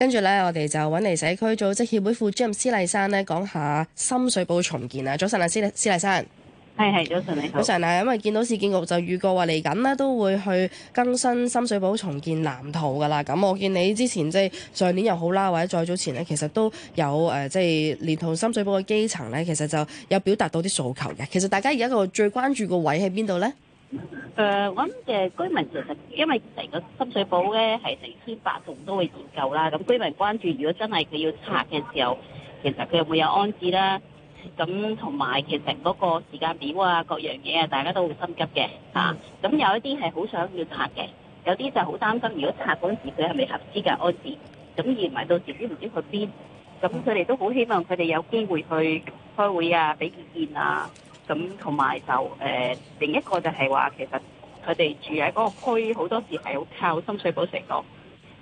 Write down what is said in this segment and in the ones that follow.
跟住咧，我哋就揾嚟社區組織協會副主任施麗珊咧，講下深水埗重建啊。早晨啊，施施麗珊，係係早晨你好。早晨啊，因為見到市建局就預告話嚟緊呢都會去更新深水埗重建藍圖噶啦。咁我見你之前即係上年又好啦，或者再早前呢，其實都有誒、呃，即係連同深水埗嘅基層呢，其實就有表達到啲訴求嘅。其實大家而家個最關注個位喺邊度呢？誒，我諗嘅居民其實，因為成個深水埗咧，係成千百棟都會研究啦。咁居民關注，如果真係佢要拆嘅時候，其實佢有冇有安置啦？咁同埋其實嗰個時間表啊，各樣嘢啊，大家都好心急嘅吓。咁有一啲係好想要拆嘅，有啲就好擔心，如果拆嗰陣時佢係咪合資格安置？咁而唔係到時知唔知去邊？咁佢哋都好希望佢哋有機會去開會啊，俾意見啊。咁同埋就誒、呃，另一個就係話，其實佢哋住喺嗰個區，好多時係要靠深水埗城落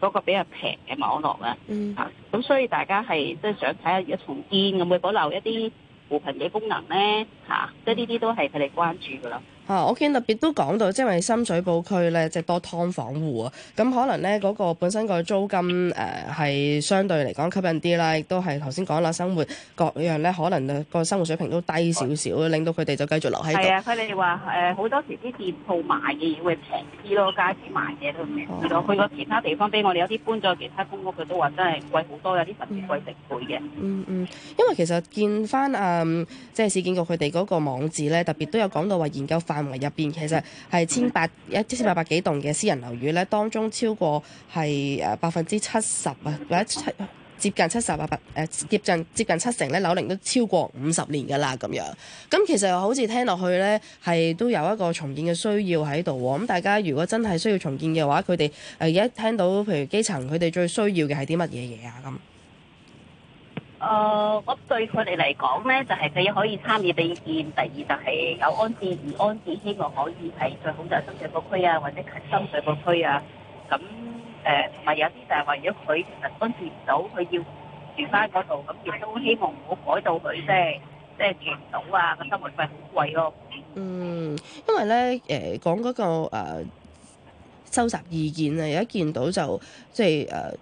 嗰個比較平嘅網絡、嗯、啊。嗯。嚇，咁所以大家係即係想睇下而家重建咁，會保留一啲扶貧嘅功能咧嚇，即係呢啲都係佢哋關注噶啦。啊！我、okay，見特別都講到，即係因為深水埗區咧，即係多劏房戶啊，咁可能咧嗰、那個本身個租金誒係、呃、相對嚟講吸引啲啦，亦都係頭先講啦，生活各樣咧可能個生活水平都低少少，令到佢哋就繼續留喺度。係啊，佢哋話誒好多時啲店鋪賣嘅嘢會平啲咯，價錢賣嘅都。平。去過其他地方，俾我哋有啲搬咗其他公屋佢都話真係貴好多，有啲甚至貴成倍嘅。嗯嗯，嗯，嗯，因為其實見翻誒、嗯，即係市建局佢哋嗰個網址咧，特別都有講到話研究範圍入邊其實係千八一千八百幾棟嘅私人樓宇咧，當中超過係誒百分之七十啊，或者七接近七十啊百誒接近接近七成咧，樓、呃、齡都超過五十年噶啦咁樣。咁、嗯、其實好似聽落去咧，係都有一個重建嘅需要喺度。咁、嗯、大家如果真係需要重建嘅話，佢哋誒而家聽到譬如基層佢哋最需要嘅係啲乜嘢嘢啊咁。誒，我、呃、對佢哋嚟講咧，就係、是、佢可以參與俾意見。第二就係有安置，而安置希望可以係最好就係深水埗區啊，或者近深水埗區啊。咁誒，同、呃、埋有啲就係話，如果佢其實安置唔到，佢要住翻嗰度，咁亦都希望唔好改到佢啫，即係住唔到啊，個生活費好貴咯、啊。嗯，因為咧誒、呃，講嗰、那個、呃、收集意見啊，有一見到就即係誒。呃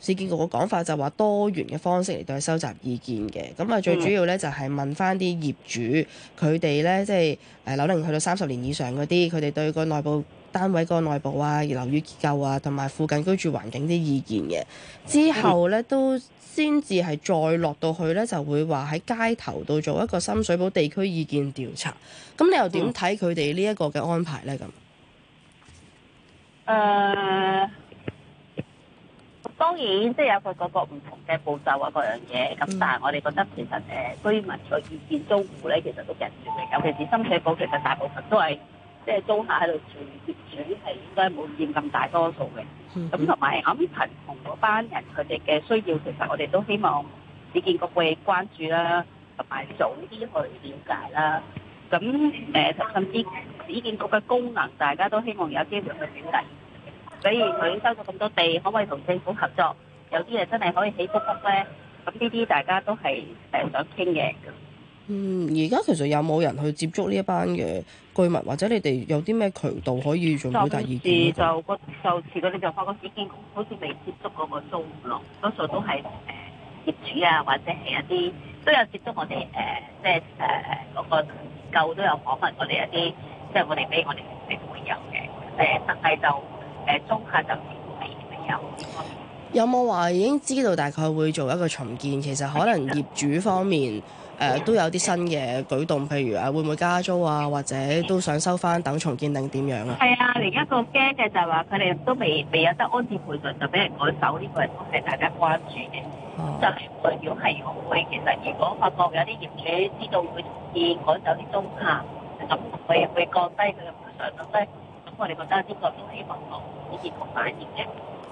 市建局嘅講法就話多元嘅方式嚟對佢收集意見嘅，咁啊最主要呢，就係問翻啲業主，佢哋呢，即係誒樓齡去到三十年以上嗰啲，佢哋對個內部單位個內部啊樓宇結構啊同埋附近居住環境啲意見嘅，之後呢，都先至係再落到去呢，就會話喺街頭度做一個深水埗地區意見調查，咁你又點睇佢哋呢一個嘅安排呢？咁誒、uh。當然，即係有佢各個唔同嘅步驟啊，各樣嘢。咁、嗯、但係我哋覺得其實誒、嗯、居民個意見租戶咧，其實都重要嘅。尤其是深水埗，其實大部分都係即係租客喺度住，所以係應該冇佔咁大多數嘅。咁同埋啱啱貧窮嗰班人佢哋嘅需要，其實我哋都希望市建局會關注啦，同埋早啲去了解啦。咁誒，甚至市建局嘅功能，大家都希望有機會去整體。所以佢收咗咁多地，可唔可以同政府合作？有啲嘢真係可以起屋屋咧。咁呢啲大家都係誒想傾嘅。嗯，而家其實有冇人去接觸呢一班嘅居民，或者你哋有啲咩渠道可以做表達意見？就個就似嗰啲就發個意見，好似未接觸嗰個租戶咯。多數都係誒業主啊，或者係一啲都有接觸我哋誒，即係誒誒嗰個研究都有訪問我哋一啲，即係我哋俾我哋一定會有嘅。誒，但係就。誒、呃，中介就未未有， 有冇話已經知道大概會做一個重建？其實可能業主方面誒、呃、都有啲新嘅舉動，譬如誒、啊、會唔會加租啊，或者都想收翻等重建定點樣啊？係啊，而家個驚嘅就係話佢哋都未未有得安置賠償，就俾人趕走呢、這個係都係大家關注嘅。啊、就係代表係如果會其實如果發覺有啲業主知道會重建趕走啲中介，咁會會降低佢嘅上落率。我哋覺得呢個都希望冇好熱度反應嘅，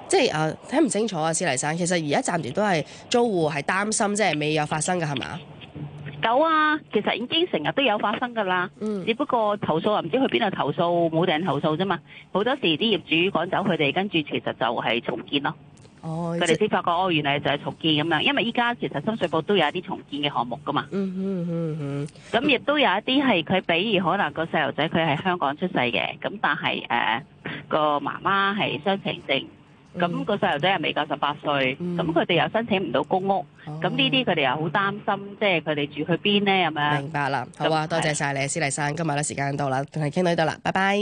即係誒睇唔清楚啊，施麗珊。其實而家暫時都係租戶係擔心，即係未有發生嘅係嘛？有啊，其實已經成日都有發生㗎啦。嗯，只不過投訴啊，唔知去邊度投訴，冇人投訴啫嘛。好多時啲業主趕走佢哋，跟住其實就係重建咯。佢哋先發覺，哦，原來就係重建咁樣，因為依家其實深水埗都有一啲重建嘅項目噶嘛。嗯嗯嗯咁亦都有一啲係佢，比如可能個細路仔佢係香港出世嘅，咁但係誒個媽媽係雙程證，咁個細路仔又未夠十八歲，咁佢哋又申請唔到公屋，咁呢啲佢哋又好擔心，即係佢哋住去邊呢？咁樣明白啦，好啊，多謝晒你啊，施麗珊，今日咧時間到啦，同你傾到呢度啦，拜拜。